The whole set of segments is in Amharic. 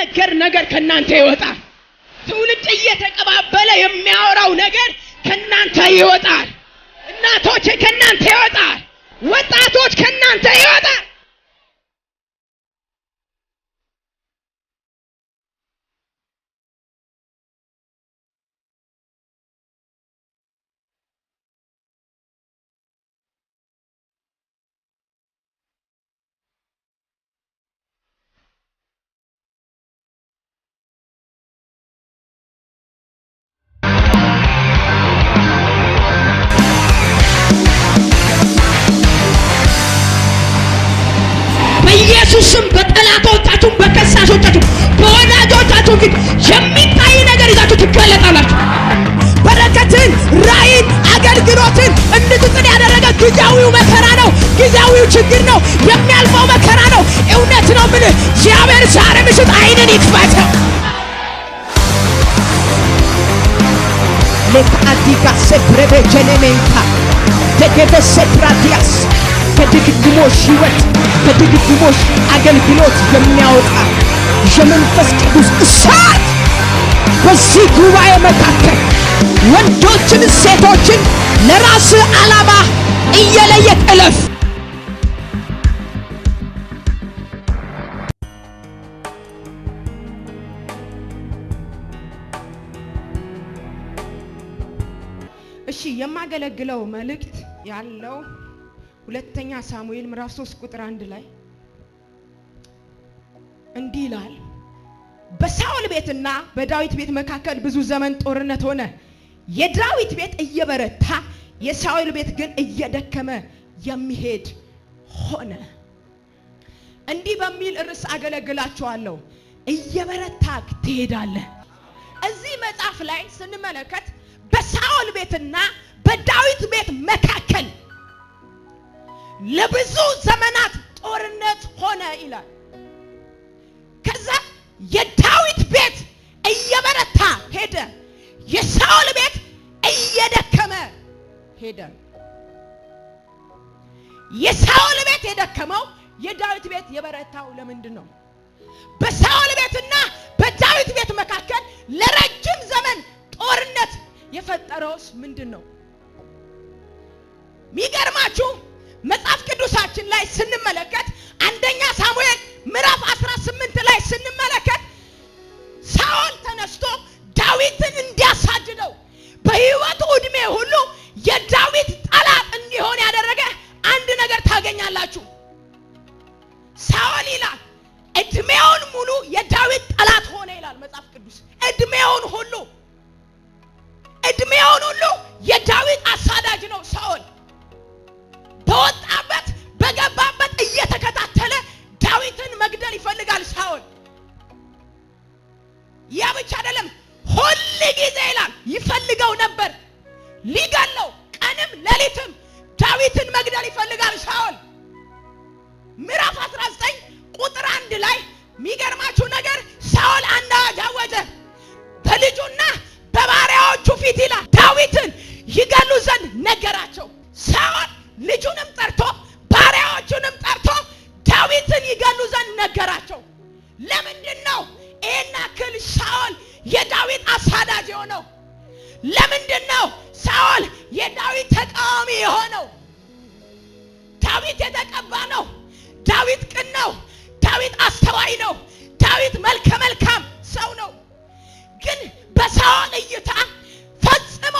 የሚነገር ነገር ከእናንተ ይወጣል። ትውልድ እየተቀባበለ የሚያወራው ነገር ከእናንተ ይወጣል። እናቶች ጊዜያዊው መከራ ነው። ጊዜያዊው ችግር ነው። የሚያልፈው መከራ ነው። እውነት ነው። ምን እግዚአብሔር ዛሬ ምሽት አይንን ይክፈተው። ለታዲካ ሰብረበ ጀኔሜንታ ደገበ ሴፕራዲያስ ከድግድሞሽ ሕይወት ከድግድሞሽ አገልግሎት የሚያወጣ የመንፈስ ቅዱስ እሳት በዚህ ጉባኤ መካከል ወንዶችን፣ ሴቶችን ለራስ ዓላማ እየለየት እለፍ። እሺ የማገለግለው መልእክት ያለው ሁለተኛ ሳሙኤል ምዕራፍ 3 ቁጥር 1 ላይ እንዲህ ይላል፣ ቤትና በዳዊት ቤት መካከል ብዙ ዘመን ጦርነት ሆነ። የዳዊት ቤት እየበረታ የሳኦል ቤት ግን እየደከመ የሚሄድ ሆነ። እንዲህ በሚል ርዕስ አገለግላችኋለሁ። እየበረታ ትሄዳለህ። እዚህ መጽሐፍ ላይ ስንመለከት በሳኦል ቤትና በዳዊት ቤት መካከል ለብዙ ዘመናት ጦርነት ሆነ ይላል። ከዛ የዳዊት ቤት እየበረታ ሄደ። የሳኦል ቤት እየደከመ ሄደ። የሳኦል ቤት የደከመው የዳዊት ቤት የበረታው ለምንድን ነው? በሳኦል ቤትና በዳዊት ቤት መካከል ለረጅም ዘመን ጦርነት የፈጠረውስ ምንድን ነው? ሚገርማችሁ መጽሐፍ ቅዱሳችን ላይ ስንመለከት አንደኛ ሳሙኤል ምዕራፍ 18 ላይ ስንመለከት ሳኦል ተነስቶ የሆነው። ዳዊት የተቀባ ነው። ዳዊት ቅን ነው። ዳዊት አስተዋይ ነው። ዳዊት መልከ መልካም ሰው ነው። ግን በሳኦል እይታ ፈጽሞ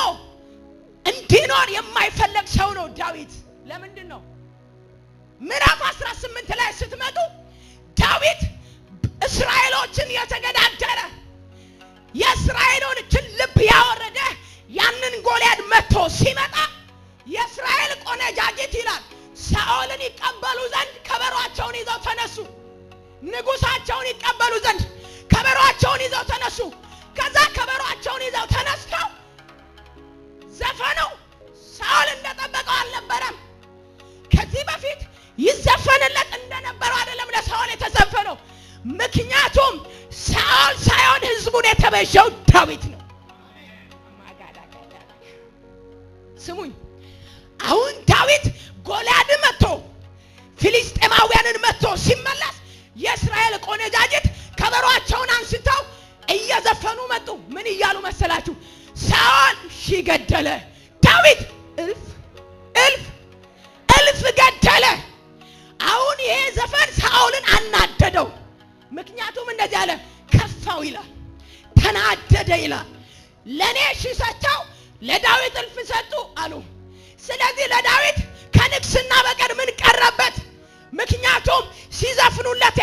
እንዲኖር የማይፈለግ ሰው ነው ዳዊት። ለምንድን ነው? ምዕራፍ 18 ላይ ስትመጡ ዳዊት እስራኤሎችን የተገዳደረ የእስራኤሎችን ልብ ያወረደ ያንን ጎልያድ መጥቶ ሲመጣ የእስራኤል ቆነጃጅት ይላል ሳኦልን ይቀበሉ ዘንድ ከበሯቸውን ይዘው ተነሱ ንጉሳቸውን ይቀበሉ ዘንድ ከበሯቸውን ይዘው ተነሱ ከዛ ከበሯቸውን ይዘው ተነስተው ዘፈኑ ሳኦል እንደጠበቀው አልነበረም ከዚህ በፊት ይዘፈንለት እንደነበረው አይደለም ለሳኦል የተዘፈነው ምክንያቱም ሳኦል ሳይሆን ህዝቡን የተበሸው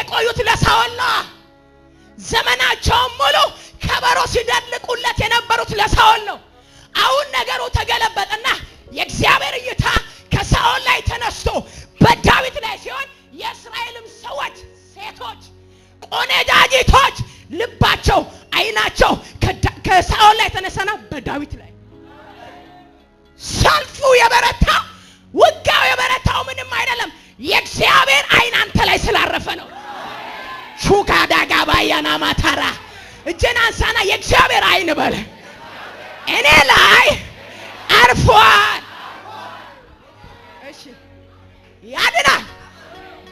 የቆዩት ለሳኦል ነዋ። ዘመናቸውን ሙሉ ከበሮ ሲደልቁለት የነበሩት ለሳውል ነው። አሁን ነገሩ ተገለበጠና የእግዚአብሔር እይታ ከሳውል ላይ ተነስቶ በዳዊት ላይ ሲሆን የእስራኤልም ሰዎች ሴቶች፣ ቆነጃጅቶች ልባቸው፣ አይናቸው ከሳውል ላይ ተነሳና በዳዊት ላይ ሰልፉ የበረታው ውጋው የበረታው ምንም አይደለም፣ የእግዚአብሔር አይን አንተ ላይ ስላረፈ ነው። ሹካ ዳጋ ባያና ማታራ እጄን አንሳና የእግዚአብሔር አይን በለ እኔ ላይ አርፏል። እሺ ያድናል።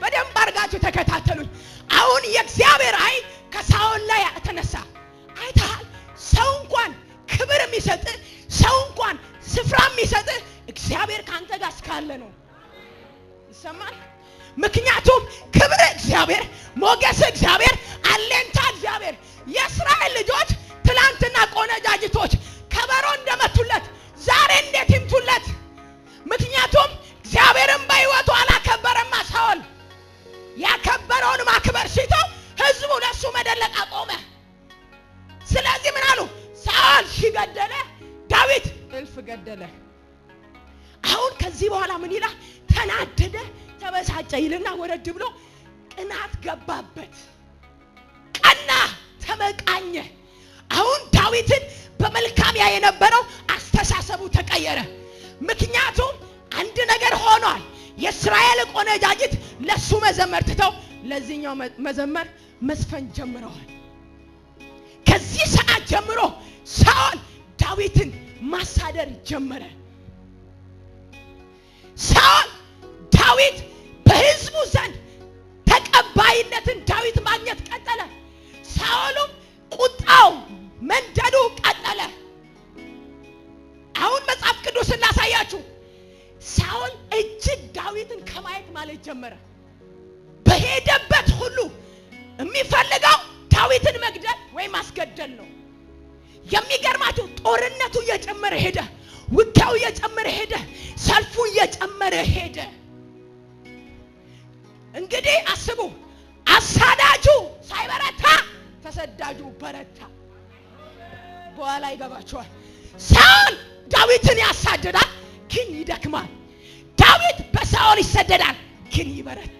በደንብ አርጋችሁ ተከታተሉኝ። አሁን የእግዚአብሔር አይን ከሳውል ላይ ተነሳ። አይተሃል። ሰው እንኳን ክብር የሚሰጥ ሰው እንኳን ስፍራ የሚሰጥ እግዚአብሔር ከአንተ ጋር እስካለ ነው። ይሰማል። ምክንያቱም ክብር እግዚአብሔር ሞገስ እግዚአብሔር፣ አሌንታ እግዚአብሔር። የእስራኤል ልጆች ትላንትና ቆነጃጅቶች ከበሮ እንደመቱለት ዛሬ እንዴት ይምቱለት? ምክንያቱም እግዚአብሔርን በሕይወቱ አላከበረማ። ሳኦል ያከበረውን ማክበር ሲተው ህዝቡ ለእሱ መደለቅ አቆመ። ስለዚህ ምን አሉ? ሳኦል ሺህ ገደለ፣ ዳዊት እልፍ ገደለ። አሁን ከዚህ በኋላ ምን ይላል? ተናደደ፣ ተበሳጨ ይልና ወረድ ብሎ ቅናት ገባበት። ቀና፣ ተመቃኘ። አሁን ዳዊትን በመልካም ያ የነበረው አስተሳሰቡ ተቀየረ። ምክንያቱም አንድ ነገር ሆኗል። የእስራኤል ቆነጃጅት ለሱ መዘመር ትተው ለዚህኛው መዘመር መዝፈን ጀምረዋል። ከዚህ ሰዓት ጀምሮ ሳኦል ዳዊትን ማሳደር ጀመረ። ሳኦል ዳዊት በህዝቡ ዘንድ ማለት ጀመረ። በሄደበት ሁሉ የሚፈልገው ዳዊትን መግደል ወይም ማስገደል ነው። የሚገርማችሁ ጦርነቱ እየጨመረ ሄደ። ውጊያው እየጨመረ ሄደ። ሰልፉ እየጨመረ ሄደ። እንግዲህ አስቡ፣ አሳዳጁ ሳይበረታ ተሰዳጁ በረታ። በኋላ ይገባቸዋል። ሳኦል ዳዊትን ያሳድዳል፣ ግን ይደክማል። ዳዊት በሳኦል ይሰደዳል፣ ግን ይበረታ።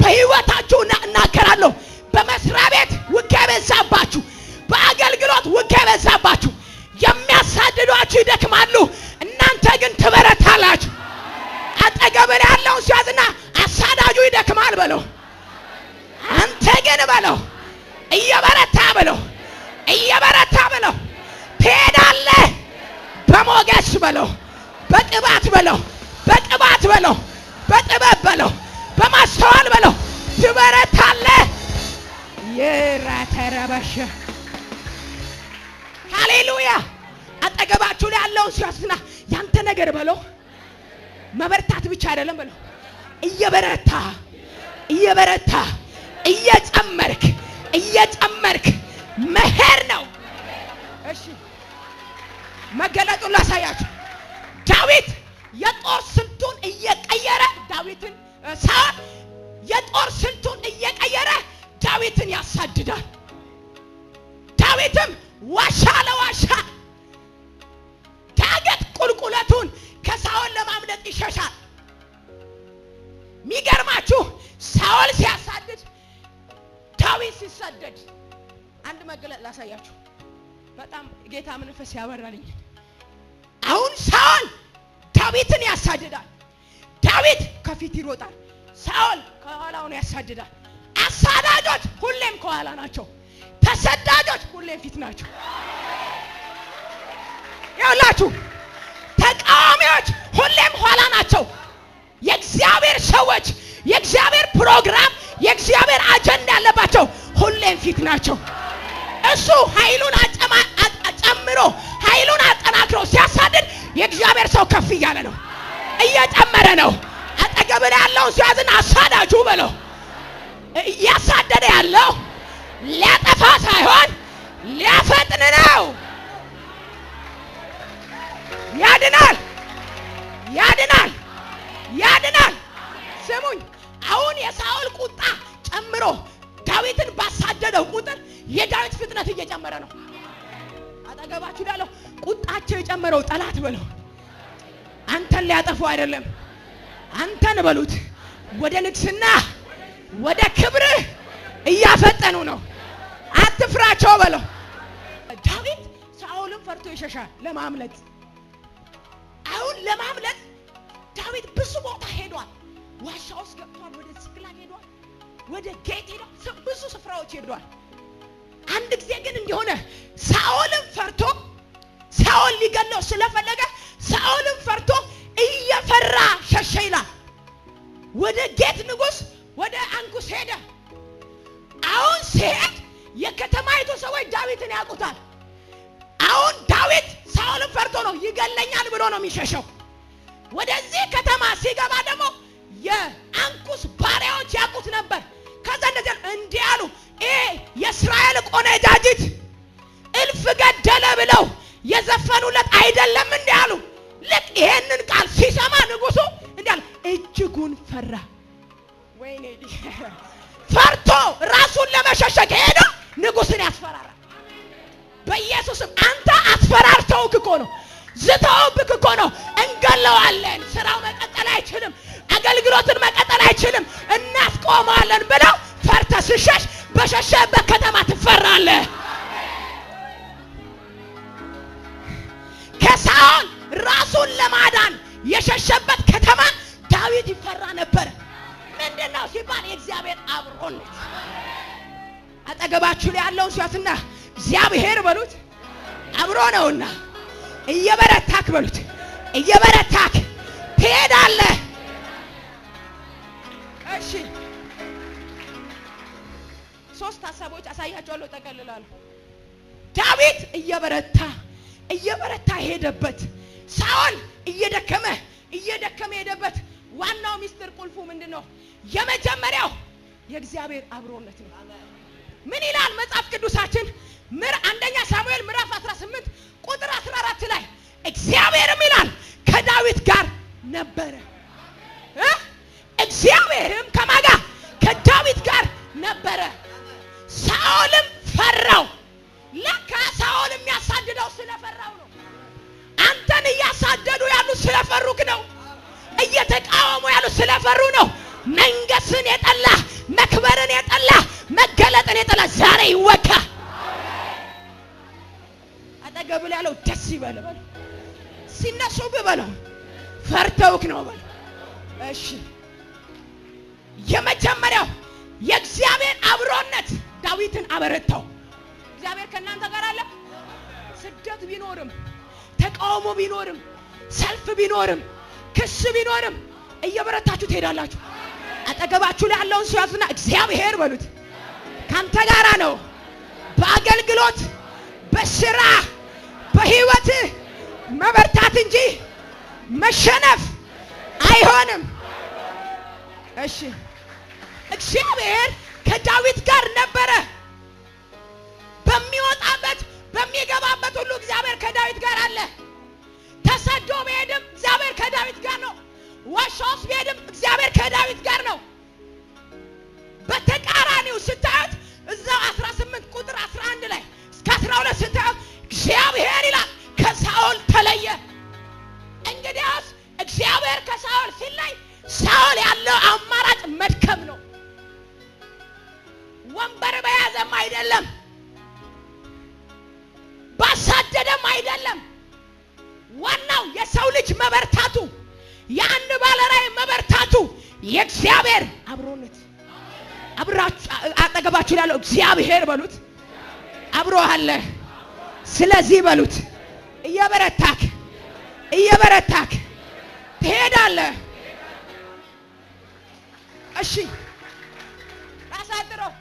በህይወታችሁ እናገራለሁ። በመስሪያ ቤት ውጊያ የበዛባችሁ፣ በአገልግሎት ውጊያ የበዛባችሁ፣ የሚያሳድዷችሁ ይደክማሉ፣ እናንተ ግን ትበረታላችሁ። አጠገብን ያለውን ሲያዝና አሳዳጁ ይደክማል በለው፣ አንተ ግን በለው እየበረታ በለው፣ እየበረታ በለው፣ ትሄዳለህ። በሞገስ በለው፣ በቅባት በለው፣ በቅባት በለው በጥበብ በለው፣ በማስተዋል በለው። ትበረታለህ። የራተረበሽ ሃሌሉያ። አጠገባችሁ ላይ ያለውን ሲያስና ያንተ ነገር በለው። መበርታት ብቻ አይደለም በለው። እየበረታ እየበረታ እየጨመርክ እየጨመርክ መሄድ ነው። እሺ መገለጡን ላሳያችሁ። ዳዊትን ሳውል የጦር ስልቱን እየቀየረ ዳዊትን ያሳድዳል። ዳዊትም ዋሻ ለዋሻ ዳገት ቁልቁለቱን ከሳውል ለማምለጥ ይሸሻል። የሚገርማችሁ ሳውል ሲያሳድድ፣ ዳዊት ሲሰደድ አንድ መገለጥ ላሳያችሁ። በጣም ጌታ መንፈስ ያበራልኝ። አሁን ሳውል ዳዊትን ያሳድዳል። ዳዊት ከፊት ይሮጣል፣ ሳኦል ከኋላ ነው ያሳድዳል። አሳዳጆች ሁሌም ከኋላ ናቸው። ተሰዳጆች ሁሌም ፊት ናቸው። ያውላችሁ ተቃዋሚዎች ሁሌም ኋላ ናቸው። የእግዚአብሔር ሰዎች የእግዚአብሔር ፕሮግራም የእግዚአብሔር አጀንዳ ያለባቸው ሁሌም ፊት ናቸው። እሱ ኃይሉን ጨምሮ ኃይሉን አጠናክሮ ሲያሳድድ የእግዚአብሔር ሰው ከፍ እያለ ነው። እየጨመረ ነው። አጠገብን ያለውን ሲያዝን አሳዳጁ በለው። እያሳደደ ያለው ሊያጠፋ ሳይሆን ሊያፈጥን ነው። ያድናል፣ ያድናል፣ ያድናል። ስሙኝ፣ አሁን የሳኦል ቁጣ ጨምሮ ዳዊትን ባሳደደው ቁጥር የዳዊት ፍጥነት እየጨመረ ነው። አጠገባችሁ ያለው ቁጣቸው የጨመረው ጠላት በለው አንተን ሊያጠፉ አይደለም። አንተን በሉት ወደ ንግስና ወደ ክብር እያፈጠኑ ነው። አትፍራቸው በለው። ዳዊት ሳኦልን ፈርቶ ይሸሻል ለማምለጥ። አሁን ለማምለጥ ዳዊት ብዙ ቦታ ሄዷል። ዋሻ ውስጥ ገብቷል። ወደ ስክላ ሄዷል። ወደ ጌት ሄዷል። ብዙ ስፍራዎች ሄዷል። አንድ ጊዜ ግን እንዲሆነ ሳኦልን ፈርቶ ሳኦል ሊገለው ስለፈለገ ሳኦልን ፈርቶ እየፈራ ሸሸ ይላል። ወደ ጌት ንጉሥ ወደ አንኩስ ሄደ። አሁን ሲሄድ የከተማይቱ ሰዎች ዳዊትን ያውቁታል። አሁን ዳዊት ሳኦልን ፈርቶ ነው ይገለኛል ብሎ ነው የሚሸሸው። ወደዚህ ከተማ ሲገባ ደግሞ የአንኩስ ባሪያዎች ያውቁት ነበር። ከዛ እንደዚህ እንዲህ አሉ፣ ይሄ የእስራኤል ቆነጃጅት እልፍ ገደለ ብለው የዘፈኑለት አይደለም እንዲ አሉ። ልክ ይሄንን ቃል ሲሰማ ንጉሱ እንዲ አለ፣ እጅጉን ፈራ። ፈርቶ ራሱን ለመሸሸግ ሄደ። ንጉስን ያስፈራራ። በኢየሱስም አንተ አስፈራርተውክ እኮ ነው፣ ዝተውብክ እኮ ነው። እንገለዋለን፣ ስራው መቀጠል አይችልም፣ አገልግሎትን መቀጠል አይችልም፣ እናስቆመዋለን ብለው ፈርተ ስሸሽ በሸሸበት ከተማ ትፈራለህ። ከሳኦል ራሱን ለማዳን የሸሸበት ከተማ ዳዊት ይፈራ ነበር። ምንድን ነው ሲባል የእግዚአብሔር አብሮነት። አጠገባችሁ ላይ ያለውን ሲያትና እግዚአብሔር በሉት አብሮ ነውና እየበረታክ በሉት እየበረታክ ትሄዳለህ። እሺ ሶስት ሀሳቦች አሳያቸዋለሁ፣ ጠቀልላለሁ። ዳዊት እየበረታ እየበረታ ሄደበት። ሳኦል እየደከመ እየደከመ ሄደበት። ዋናው ሚስጥር ቁልፉ ምንድን ነው? የመጀመሪያው የእግዚአብሔር አብሮነት ነው። ምን ይላል መጽሐፍ ቅዱሳችን? ምር አንደኛ ሳሙኤል ምዕራፍ 18 ቁጥር 14 ላይ እግዚአብሔርም ይላል ከዳዊት ጋር ነበረ። እግዚአብሔርም ከማጋ ከዳዊት ጋር ነበረ። ሳኦልም ፈራው። ለካ ሰውን የሚያሳድደው ስለፈራው ነው። አንተን እያሳደዱ ያሉት ስለፈሩክ ነው። እየተቃወሙ ያሉ ስለፈሩ ነው። መንገስን የጠላ መክበርን የጠላ መገለጥን የጠላ ዛሬ ይወጋ። አጠገብ ያለው ደስ ይበል በለው፣ ፈርተውክ ነው በለው። እሺ የመጀመሪያው የእግዚአብሔር አብሮነት ዳዊትን አበረታው። እግዚአብሔር ከእናንተ ጋር አለ። ስደት ቢኖርም፣ ተቃውሞ ቢኖርም፣ ሰልፍ ቢኖርም፣ ክስ ቢኖርም እየበረታችሁ ትሄዳላችሁ። አጠገባችሁ ላይ ያለውን ሰው ያዙና እግዚአብሔር በሉት ካንተ ጋራ ነው። በአገልግሎት በስራ በህይወት መበርታት እንጂ መሸነፍ አይሆንም። እሺ፣ እግዚአብሔር ከዳዊት ጋር ነበረ። በሚወጣበት በሚገባበት ሁሉ እግዚአብሔር ከዳዊት ጋር አለ። ተሰዶ ቢሄድም እግዚአብሔር ከዳዊት ጋር ነው። ዋሻ ውስጥ ቢሄድም እግዚአብሔር ከዳዊት ጋር ነው። በተቃራኒው ስታዩት እዛው 18 ቁጥር 11 ላይ እስከ 12 ስታዩት እግዚአብሔር ይላል ከሳኦል ተለየ። እንግዲያውስ እግዚአብሔር ከሳኦል ሲለይ ሳኦል ያለው አማራጭ መድከም ነው። አብሯችሁ ይላለው እግዚአብሔር በሉት። አብሮሃለ። ስለዚህ በሉት እየበረታክ እየበረታክ ትሄዳለ እሺ አሳድረው።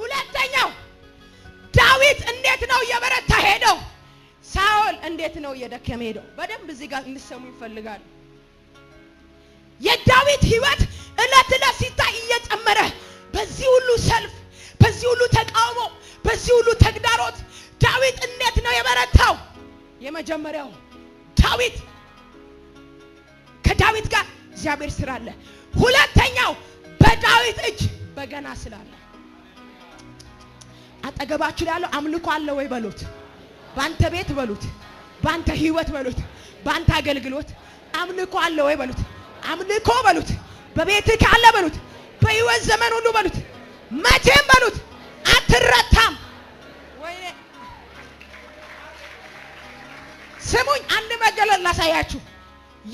ሁለተኛው ዳዊት እንዴት ነው እየበረታ ሄደው? ሳኦል እንዴት ነው እየደከመ ሄደው? በደንብ እዚህ ጋር እንድሰሙ ይፈልጋሉ። የዳዊት ህይወት እለት እለት ሲታይ እየጨመረ በዚህ ሁሉ ሰልፍ በዚህ ሁሉ ተቃውሞ፣ በዚህ ሁሉ ተግዳሮት ዳዊት እንዴት ነው የበረታው? የመጀመሪያው ዳዊት ከዳዊት ጋር እግዚአብሔር አለ ሁለተኛው በዳዊት እጅ በገና ስላለ። አጠገባችሁ ያለው አምልኮ አለ ወይ በሉት። ባንተ ቤት በሉት፣ ባንተ ህይወት በሉት፣ ባንተ አገልግሎት አምልኮ አለ ወይ በሉት። አምልኮ በሉት፣ በቤት ካለ በሉት፣ በህይወት ዘመን ሁሉ በሉት፣ መቼም በሉት አትረታም። ስሙኝ፣ አንድ መገለል ላሳያችሁ።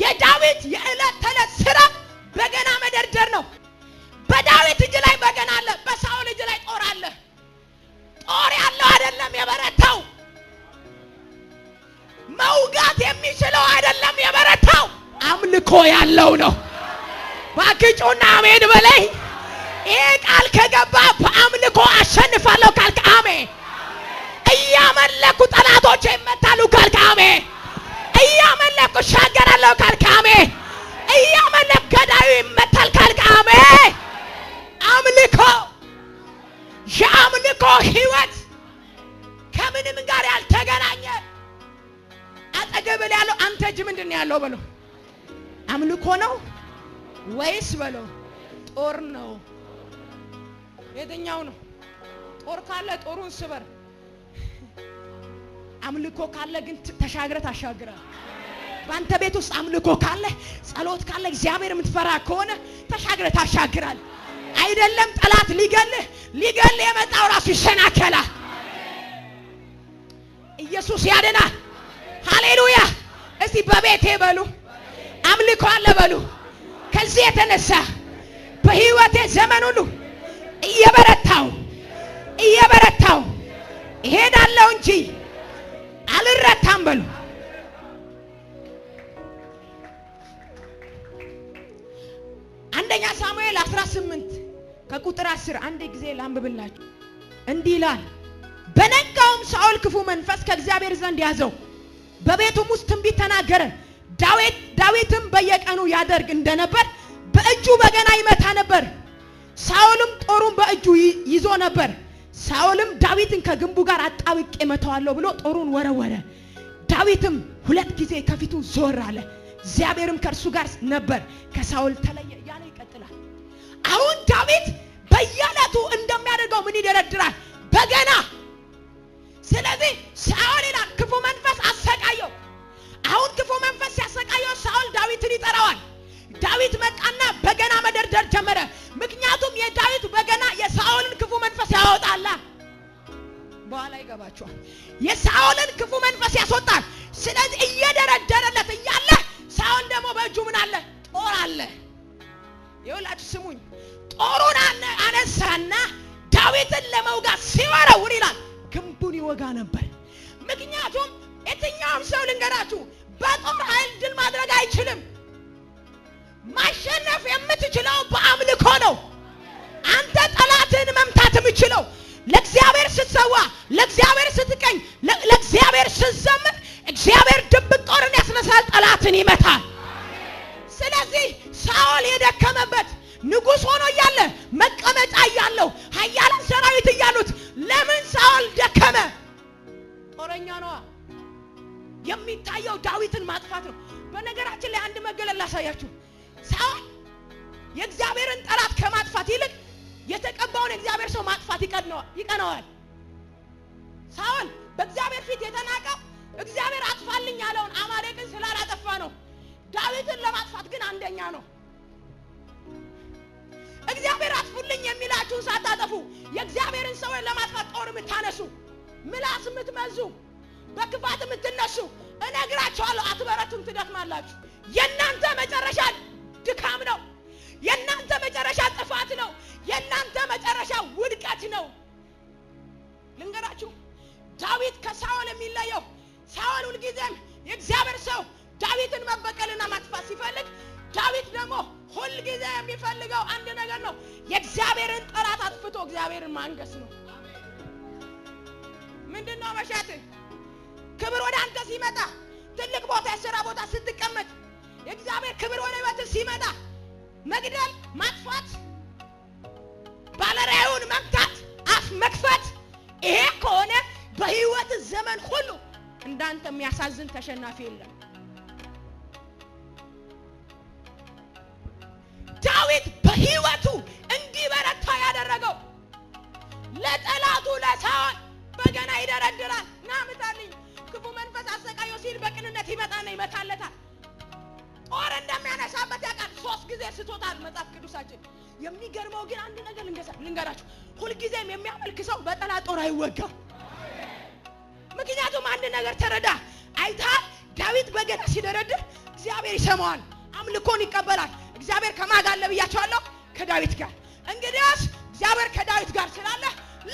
የዳዊት የዕለት ተዕለት ስራ በገና መደርደር ነው። በዳዊት እጅ ላይ በገና አለ፣ በሳኦል እጅ ላይ ጦር አለ። ጦር ያለው አይደለም የበረታው፣ መውጋት የሚችለው አይደለም የበረታው፣ አምልኮ ያለው ነው። ባክጩና አሜን በላይ ይህ ቃል ከገባ በአምልኮ አሸንፋለሁ ካልክ አሜን። እያመለኩ ጠላቶች ይመታሉ ካልክ አሜን። እያመለኩ እሻገራለሁ ካልክ አሜን። እያመለኩ ገዳዩ ይመታል ካልክ አሜን። አምልኮ የአምልኮ ህይወት ከምንም ጋር ያልተገናኘ አጠገብ ላይ ያለው አንተ እጅ ምንድን ነው ያለው? በለው አምልኮ ነው ወይስ በለው ጦር ነው? የትኛው ነው? ጦር ካለ ጦሩን ስበር። አምልኮ ካለ ግን ተሻግረ ታሻግራ። በአንተ ቤት ውስጥ አምልኮ ካለ፣ ጸሎት ካለ፣ እግዚአብሔር የምትፈራ ከሆነ ተሻግረ ታሻግራል። አይደለም ጠላት ሊገልህ ሊገል የመጣው ራሱ ይሰናከላል። ኢየሱስ ያድናል። ሃሌሉያ! እስቲ በቤቴ በሉ አምልኮ አለ በሉ። ከዚህ የተነሳ በህይወቴ ዘመን ሁሉ እየበረታው እየበረታው እሄዳለሁ እንጂ አልረታም በሉ። አንደኛ ሳሙኤል 18 ከቁጥር 10 አንድ ጊዜ ላንብብላችሁ። እንዲህ ይላል፣ በነጋውም ሳኦል ክፉ መንፈስ ከእግዚአብሔር ዘንድ ያዘው፣ በቤቱም ውስጥ ትንቢት ተናገረ። ዳዊትም በየቀኑ ያደርግ እንደነበር በእጁ በገና ይመታ ነበር። ሳኦልም ጦሩን በእጁ ይዞ ነበር። ሳኦልም ዳዊትን ከግንቡ ጋር አጣብቄ መተዋለሁ ብሎ ጦሩን ወረወረ። ዳዊትም ሁለት ጊዜ ከፊቱ ዞር አለ። እግዚአብሔርም ከእርሱ ጋር ነበር፣ ከሳኦል ተለየ እያለ ይቀጥላል። አሁን ዳዊት በየዕለቱ እንደሚያደርገው ምን ይደረድራል? በገና። ስለዚህ ሳኦል ይላል ክፉ መንፈስ አሰቃየው። አሁን ክፉ መንፈስ ሲያሰቃየው ሳኦል ዳዊትን ይጠራዋል። ዳዊት መጣና በገና መደርደር ጀመረ። ምክንያቱም የዳዊት በገና የሳኦልን ክፉ መንፈስ ያወጣላ። በኋላ ይገባቸዋል። የሳኦልን ክፉ መንፈስ ያስወጣል። ስለዚህ እየደረደረለት እያለ ሳኦል ደግሞ በእጁ ምን አለ? ጦር አለ። ይኸውላችሁ ስሙኝ። ጦሩን አነሳና ዳዊትን ለመውጋት ሲወረውር ይላል ግንቡን ይወጋ ነበር። ምክንያቱም የትኛውም ሰው ልንገራችሁ በጦር ኃይል ድል ማድረግ አይችልም። ማሸነፍ የምትችለው በአምልኮ ነው። አንተ ጠላትን መምታት የምችለው ለእግዚአብሔር ስትሰዋ፣ ለእግዚአብሔር ስትቀኝ፣ ለእግዚአብሔር ስትዘምር፣ እግዚአብሔር ድብቅ ጦርን ያስነሳል፣ ጠላትን ይመታል። ስለዚህ ሳኦል የደከመበት ንጉሥ ሆኖ እያለ መቀመጫ እያለው ኃያላን ሰራዊት እያሉት ለምን ሳኦል ደከመ? ጦረኛ ነዋ። የሚታየው ዳዊትን ማጥፋት ነው። በነገራችን ላይ አንድ መገለል ላሳያችሁ። ሳይሆን የእግዚአብሔርን ጠላት ከማጥፋት ይልቅ የተቀባውን የእግዚአብሔር ሰው ማጥፋት ይቀነዋል። ሳኦል በእግዚአብሔር ፊት የተናቀው እግዚአብሔር አጥፋልኝ ያለውን አማሌቅን ስላላጠፋ ነው። ዳዊትን ለማጥፋት ግን አንደኛ ነው። እግዚአብሔር አጥፉልኝ የሚላችሁን ሳታጠፉ የእግዚአብሔርን ሰው ለማጥፋት ጦር የምታነሱ ምላስ የምትመዙ በክፋት የምትነሱ እነግራችኋለሁ፣ አትበረቱም፣ ትደክማላችሁ። የእናንተ መጨረሻ ድካም ነው። የእናንተ መጨረሻ ጥፋት ነው። የእናንተ መጨረሻ ውድቀት ነው። ልንገራችሁ፣ ዳዊት ከሳኦል የሚለየው ሳኦል ሁልጊዜም የእግዚአብሔር ሰው ዳዊትን መበቀልና ማጥፋት ሲፈልግ፣ ዳዊት ደግሞ ሁልጊዜ የሚፈልገው አንድ ነገር ነው። የእግዚአብሔርን ጠላት አጥፍቶ እግዚአብሔርን ማንገስ ነው። ምንድን ነው ክብር ወደ አንተ ሲመጣ ትልቅ ቦታ የስራ ቦታ የእግዚአብሔር ክብር ወደ ህይወት ሲመጣ መግደል፣ ማጥፋት፣ ባለራዕዩን መምታት፣ አፍ መክፈት ይሄ ከሆነ በህይወት ዘመን ሁሉ እንዳንተ የሚያሳዝን ተሸናፊ የለም። ዳዊት በህይወቱ እንዲበረታ ያደረገው ለጠላቱ ለሳኦል በገና ይደረድራል። ና ምታልኝ ክፉ መንፈስ አሰቃየው ሲል በቅንነት ይመጣና ይመታለታል። ኦር እንደሚያነሳበት ያውቃል። ሶስት ጊዜ ስቶታል መጽሐፍ ቅዱሳችን። የሚገርመው ግን አንድ ነገር ልንገራችሁ፣ ሁልጊዜም የሚያመልክ ሰው በጠላት ጦር አይወጋ። ምክንያቱም አንድ ነገር ተረዳ። አይታ ዳዊት በገና ሲደረድር እግዚአብሔር ይሰማዋል፣ አምልኮን ይቀበላል። እግዚአብሔር ከማን ጋር አለ ብያቸዋለሁ? ከዳዊት ጋር። እንግዲያስ እግዚአብሔር ከዳዊት ጋር ስላለ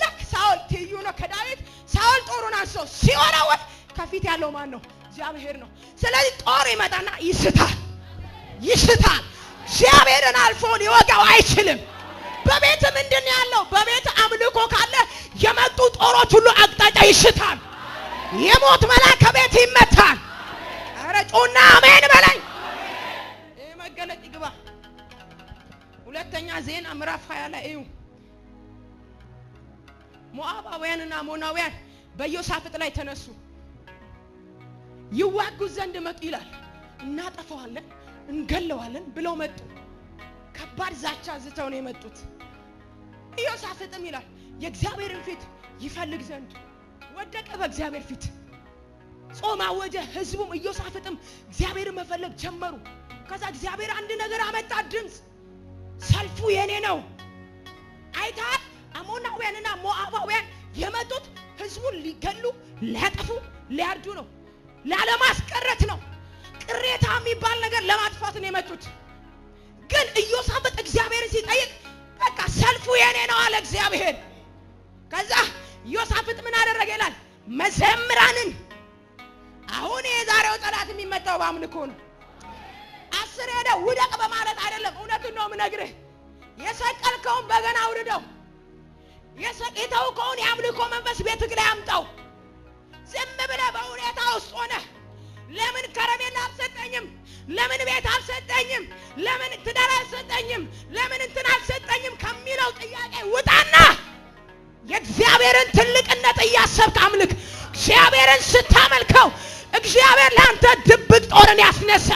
ልክ ሳኦል ትይዩ ነው ከዳዊት ሳኦል ጦሩን አንስቶ ሲወራወጥ ከፊት ያለው ማን ነው? እግዚአብሔር ነው። ስለዚህ ጦር ይመጣና ይስታል። ይስታል። እግዚአብሔርን አልፎ ሊወጋው አይችልም። በቤት ምንድን ያለው? በቤት አምልኮ ካለ የመጡ ጦሮች ሁሉ አቅጣጫ ይስታል። የሞት መላ ከቤት ይመታል። ኧረ ጩና አሜን በለኝ። ይህ መገለጥ ይግባ። ሁለተኛ ዜና ምዕራፍ ሀያ ላይ እዩ ሞዓባውያንና አሞናውያን በዮሳፍጥ ላይ ተነሱ ይዋጉ ዘንድ መጡ ይላል። እናጠፈዋለን እንገለዋለን ብለው መጡ። ከባድ ዛቻ ዝተው ነው የመጡት። ኢዮሳፍጥም ይላል የእግዚአብሔርን ፊት ይፈልግ ዘንድ ወደቀ። በእግዚአብሔር ፊት ጾም አወጀ። ህዝቡም ኢዮሳፍጥም እግዚአብሔርን መፈለግ ጀመሩ። ከዛ እግዚአብሔር አንድ ነገር አመጣ። ድምፅ ሰልፉ የኔ ነው አይተሃል። አሞናውያንና ሞአባውያን የመጡት ህዝቡን ሊገሉ ሊያጠፉ ሊያርዱ ነው፣ ላለማስቀረት ነው። ቅሬታ የሚባል ነገር ለማጥፋት ነው የመጡት። ግን ኢዮሳፍጥ እግዚአብሔርን ሲጠይቅ በቃ ሰልፉ የኔ ነው አለ እግዚአብሔር። ከዛ ኢዮሳፍጥ ምን አደረገ ይላል መዘምራንን አሁን የዛሬው ጠላት የሚመጣው በአምልኮ ነው። አስር ሄደ ውደቅ በማለት አይደለም። እውነቱን ነው ምነግርህ። የሰቀልከውን በገና አውርደው፣ የተውከውን የአምልኮ መንፈስ ቤት ላይ አምጣው። ዝም ብለህ በሁኔታ ውስጥ ሆነህ ለምን ከረሜላ አልሰጠኝም? ለምን ቤት አልሰጠኝም? ለምን ትዳር አልሰጠኝም? ለምን እንትን አልሰጠኝም ከሚለው ጥያቄ ውጣና የእግዚአብሔርን ትልቅነት እያሰብክ አምልክ። እግዚአብሔርን ስታመልከው እግዚአብሔር ለአንተ ድብቅ ጦርን ያስነሳ።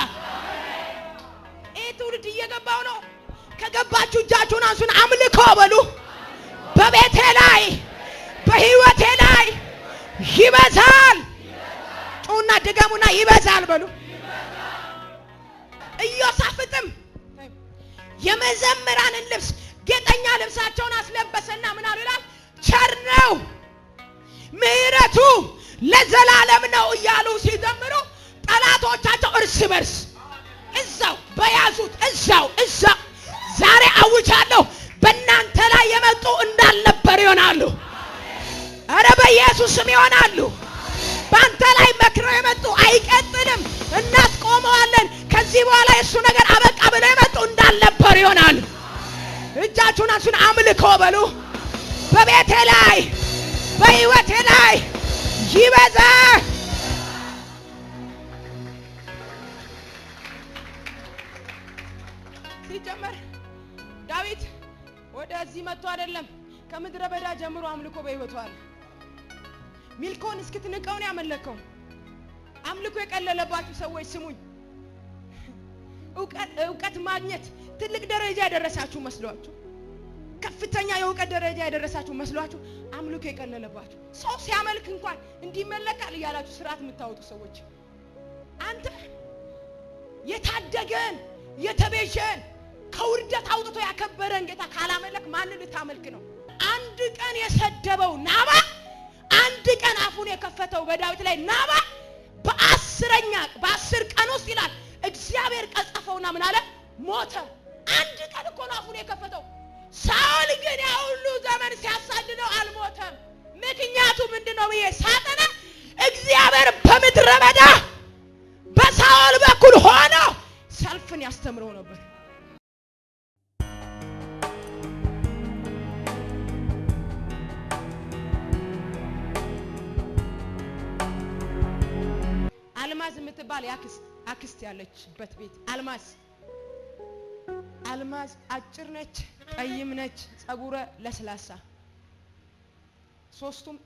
ይህ ትውልድ እየገባው ነው። ከገባችሁ እጃችሁን አንሱን፣ አምልኮ በሉ። በቤቴ ላይ በህይወቴ ላይ ይበዛል ጩሁና ድገሙና ይበዛል በሉ። ኢዮሳፍጥም የመዘምራንን ልብስ ጌጠኛ ልብሳቸውን አስለበሰና ምን አሉ ይላል፣ ቸር ነው ምሕረቱ ለዘላለም ነው እያሉ ሲዘምሩ ጠላቶቻቸው እርስ በርስ እዛው በያዙት እዛው እዛው ዛሬ አውቻለሁ በእናንተ ላይ የመጡ እንዳልነበር ይሆናሉ። አረ በኢየሱስ ይሆናሉ። በአንተ ላይ መክረው የመጡ አይቀጥልም፣ እናስቆመዋለን፣ ከዚህ በኋላ የእሱ ነገር አበቃ ብለው የመጡ እንዳልነበር ይሆናል። እጃችሁን አንሱን፣ አምልኮ በሉ። በቤቴ ላይ በህይወቴ ላይ ይበዛ ሲጀመር ዳዊት ወደዚህ መጥቶ አይደለም፣ ከምድረ በዳ ጀምሮ አምልኮ በህይወቱ አለ። ሚልኮን እስክትንቀው ነው ያመለከው። አምልኮ የቀለለባችሁ ሰዎች ስሙኝ። እውቀት ማግኘት ትልቅ ደረጃ ያደረሳችሁ መስሏችሁ፣ ከፍተኛ የእውቀት ደረጃ ያደረሳችሁ መስሏችሁ፣ አምልኮ የቀለለባችሁ ሰው ሲያመልክ እንኳን እንዲመለካል እያላችሁ ስርዓት የምታወጡ ሰዎች አንተ የታደገን የተቤዠን ከውርደት አውጥቶ ያከበረን ጌታ ካላመለክ ማን ልታመልክ ነው? አንድ ቀን የሰደበው ናባ አንድ ቀን አፉን የከፈተው በዳዊት ላይ ናባ በአስረኛ በአስር ቀን ውስጥ ይላል እግዚአብሔር ቀጸፈውና ምን አለ ሞተ አንድ ቀን እኮ ነው አፉን የከፈተው ሳኦል ግን ያ ሁሉ ዘመን ሲያሳድደው አልሞተም ምክንያቱ ምንድን ነው ብዬ ሳጠና እግዚአብሔር በምድረ በዳ በሳኦል በኩል ሆኖ ሰልፍን ያስተምረው ነበር አልማዝ የምትባል አክስት ያለችበት ቤት አልማዝ አልማዝ አጭር ነች፣ ቀይም ነች፣ ጸጉረ ለስላሳ። ሶስቱም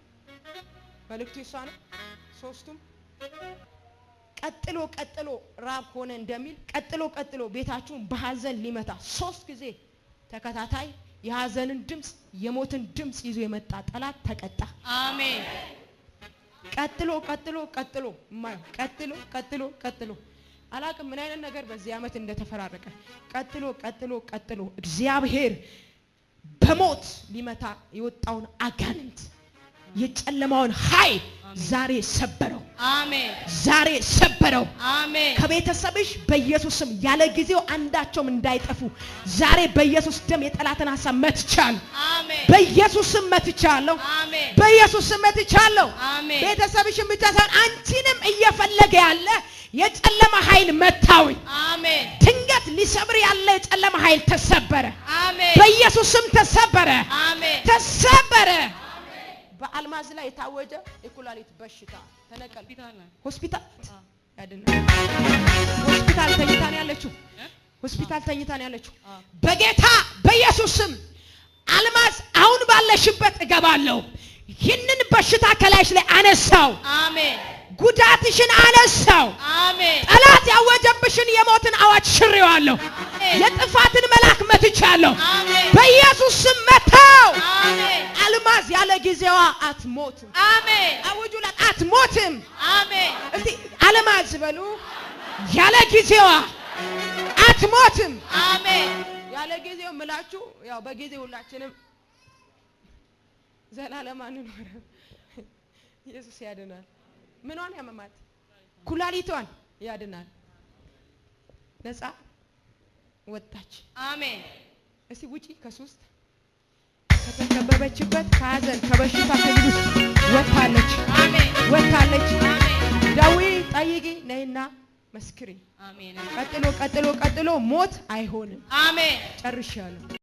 መልእክቱ ይሷ ነው። ሶስቱም ቀጥሎ ቀጥሎ ራብ ሆነ እንደሚል ቀጥሎ ቀጥሎ ቤታችሁን በሀዘን ሊመታ ሶስት ጊዜ ተከታታይ የሀዘንን ድምፅ የሞትን ድምፅ ይዞ የመጣ ጠላት ተቀጣ። አሜን። ቀጥሎ ቀጥሎ ቀጥሎ ቀጥሎ ቀጥሎ ቀጥሎ አላቅም ምን አይነት ነገር በዚህ ዓመት እንደተፈራረቀ ቀጥሎ ቀጥሎ ቀጥሎ እግዚአብሔር በሞት ሊመታ የወጣውን አጋንንት የጨለማውን ኃይል ዛሬ ሰበረው። አሜን። ዛሬ ሰበረው። አሜን። ከቤተሰብሽ በኢየሱስም ያለ ጊዜው አንዳቸውም እንዳይጠፉ ዛሬ በኢየሱስ ደም የጠላትን ሐሳብ መትቻለሁ። አሜን። በኢየሱስም መትቻለሁ። አሜን። በኢየሱስም መትቻለሁ። አሜን። ቤተሰብሽም ብቻ ሳይሆን አንቺንም እየፈለገ ያለ የጨለማ ኃይል መታዊ። አሜን። ድንገት ሊሰብር ያለ የጨለማ ኃይል ተሰበረ። አሜን። በኢየሱስም ተሰበረ። አሜን። ተሰበረ። አሜን። በአልማዝ ላይ የታወጀ የኩላሊት በሽታ ተነቀል። ሆስፒታል ሆስፒታል ተኝታ ነው ያለችው። ሆስፒታል ተኝታ ነው ያለችው። በጌታ በኢየሱስ ስም አልማዝ አሁን ባለሽበት እገባለሁ። ይህንን በሽታ ከላይሽ ላይ አነሳው። አሜን። ጉዳትሽን አነሳው። ጠላት ያወጀብሽን የሞትን አዋጅ ሽሬዋለሁ። የጥፋትን መልአክ መትቻለሁ። በኢየሱስ ስም መታው። አልማዝ ያለ ጊዜዋ አትሞትም። አሜን። አውጁላት አትሞትም። አሜን። እስቲ አልማዝ በሉ። ያለ ጊዜዋ አትሞትም። አሜን። ያለ ጊዜው ምላችሁ ያው በጊዜ ሁላችንም ዘላለም አንኖርም። ኢየሱስ ያድናል። ምኗን ያመማል? ኩላሊቷን ያድናል። ነፃ ወጣች። አሜን። እስቲ ውጪ ከሶስት ከተከበበችበት ከሀዘን ከበሽታ ክልል ውስጥ ወጣለች። ወጥታለች። ጠይቂ፣ ነይና መስክሪ። ቀጥሎ ቀጥሎ ቀጥሎ ሞት አይሆንም። አሜን። ጨርሻለሁ።